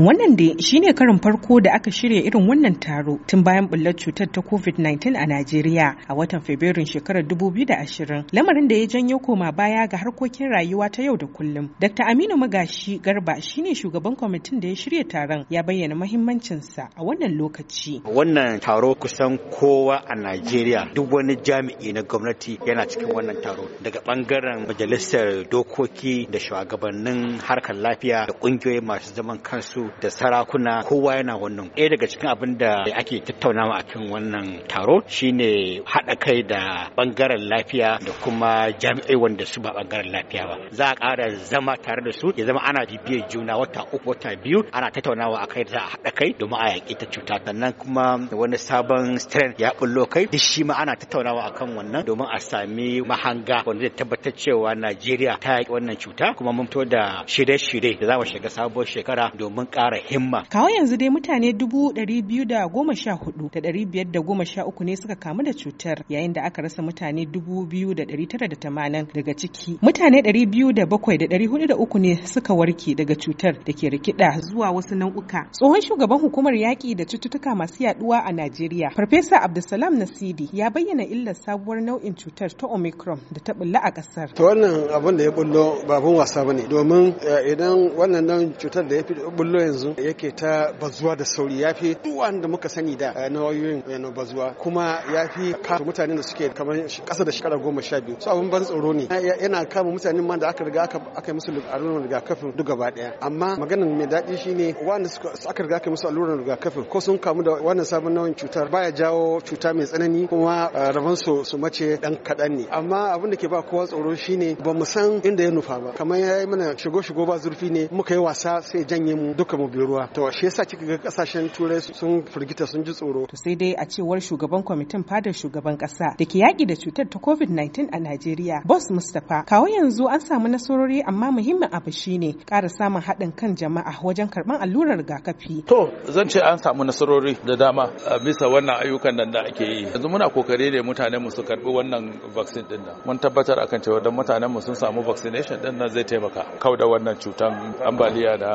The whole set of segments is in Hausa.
Wannan dai shine karin farko da aka shirya irin wannan taro tun bayan bullar cutar ta COVID-19 a Najeriya a watan Fabrairun shekarar 2020, lamarin da ya janyo koma baya ga harkokin rayuwa ta yau da kullum. Dr. Aminu Magashi Garba shine shugaban kwamitin da ya shirya taron ya bayyana mahimmancinsa a wannan lokaci. Wannan taro kusan kowa a Najeriya duk wani jami'i na gwamnati yana cikin wannan taro daga bangaren majalisar dokoki da shugabannin harkar lafiya da kungiyoyi masu zaman kansu da sarakuna kowa yana wannan ɗaya daga cikin abin da ake tattaunawa a kan wannan taro shine haɗa kai da ɓangaren lafiya da kuma jami'ai wanda su ba ɓangaren lafiya ba za a ƙara zama tare da su ya zama ana bibiyar juna wata uku wata biyu ana tattaunawa a kai za a haɗa kai domin a yaƙi ta cuta sannan kuma wani sabon strain ya ɓullo kai duk shi ma ana tattaunawa kan wannan domin a sami mahanga wanda zai tabbatar cewa Najeriya ta yaƙi wannan cuta kuma mun fito da shirye-shirye da za mu shiga sabuwar shekara domin ƙara himma. Kawo yanzu dai mutane dubu ɗari biyu da goma sha hudu da ɗari biyar da goma sha uku ne suka kamu da cutar yayin da aka rasa mutane dubu biyu da ɗari tara da tamanin daga ciki. Mutane ɗari biyu da bakwai da ɗari hudu da uku ne suka warke daga cutar da ke rikida zuwa wasu nau'uka. Tsohon shugaban hukumar yaƙi da cututtuka masu yaduwa a Najeriya, Farfesa Abdulsalam Nasidi ya bayyana illar sabuwar nau'in cutar ta Omicron da ta bulla a ƙasar. To wannan abin da ya bullo babun wasa ne domin eh, idan wannan nau'in cutar da ya bullo Android yanzu yake ta bazuwa da sauri yafi duwan wanda muka sani da eh, eh, na wayoyin bazuwa kuma yafi kama mutanen da suke kamar kasa da shekara goma sha biyu su abin ban tsoro ne yana kama mutanen ma da aka riga aka yi musu allurar rigakafin duk gaba daya amma maganin mai daɗi shine wanda aka riga aka yi musu alluran rigakafin ko sun kamu da wannan sabon nauyin cutar baya jawo cuta mai tsanani kuma eh, rabon su su mace dan kaɗan ne amma abin da ke ba kowa tsoro shine ba mu san inda ya nufa ba kamar ya yi mana shigo shigo ba zurfi ne muka yi wasa sai janye mu duk duka mu bi ruwa to shi yasa kika ga kasashen turai sun firgita sun ji tsoro to sai dai a cewar shugaban kwamitin fadar shugaban kasa da ke yaki da cutar ta covid-19 a Najeriya boss Mustapha kawo yanzu an samu nasarori amma muhimmin abu shine ƙara samun haɗin kan jama'a wajen karɓar allurar rigakafi to zan ce an samu nasarori da dama bisa wannan ayyukan nan da ake yi yanzu muna kokari ne mutanen mu su karbi wannan vaccine din nan mun tabbatar akan cewa dan mutanen mu sun samu vaccination din nan zai taimaka da wannan cutar ambaliya da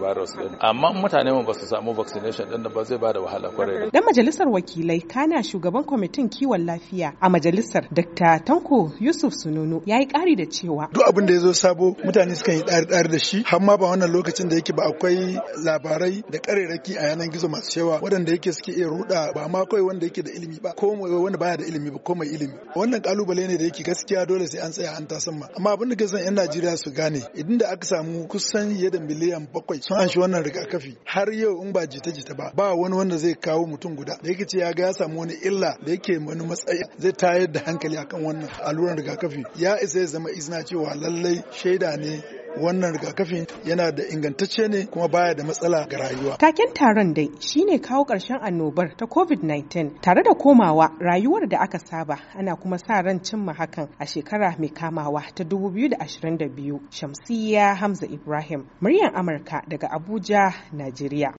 ba. virus din amma mutane mu ba su samu vaccination din ba zai bada wahala kwarai dan majalisar wakilai kana shugaban kwamitin kiwon lafiya a majalisar Dr. Tanko Yusuf Sununu ya yi kari da cewa duk abin da ya zo sabo mutane sukan yi dari dari da shi har ma ba wannan lokacin da yake ba akwai labarai da kareraki a yanan gizo masu cewa waɗanda yake suke iya ruda ba ma kawai wanda yake da ilimi ba ko wanda baya da ilimi ba ko mai ilimi wannan kalubale ne da yake gaskiya dole sai an tsaya an tasamma amma abin da ke son 'yan Najeriya su gane idan da aka samu kusan yadda miliyan bakwai sun an shi wannan rigakafi har yau in ba jita-jita ba ba wani wanda zai kawo mutum guda da yake ce ya ga ya samu wani illa da yake wani matsayi zai tayar da hankali akan wannan alluran rigakafi ya isa ya zama izina cewa lallai shaida ne wannan rigakafi yana da ingantacce ne kuma baya da matsala ga rayuwa. Taken taron dai shine kawo ƙarshen annobar ta COVID-19 tare da komawa rayuwar da aka saba ana kuma sa ran cimma hakan a shekara mai kamawa ta 2022. Shamsiyya Hamza Ibrahim, muryar Amurka daga Abuja, Najeriya.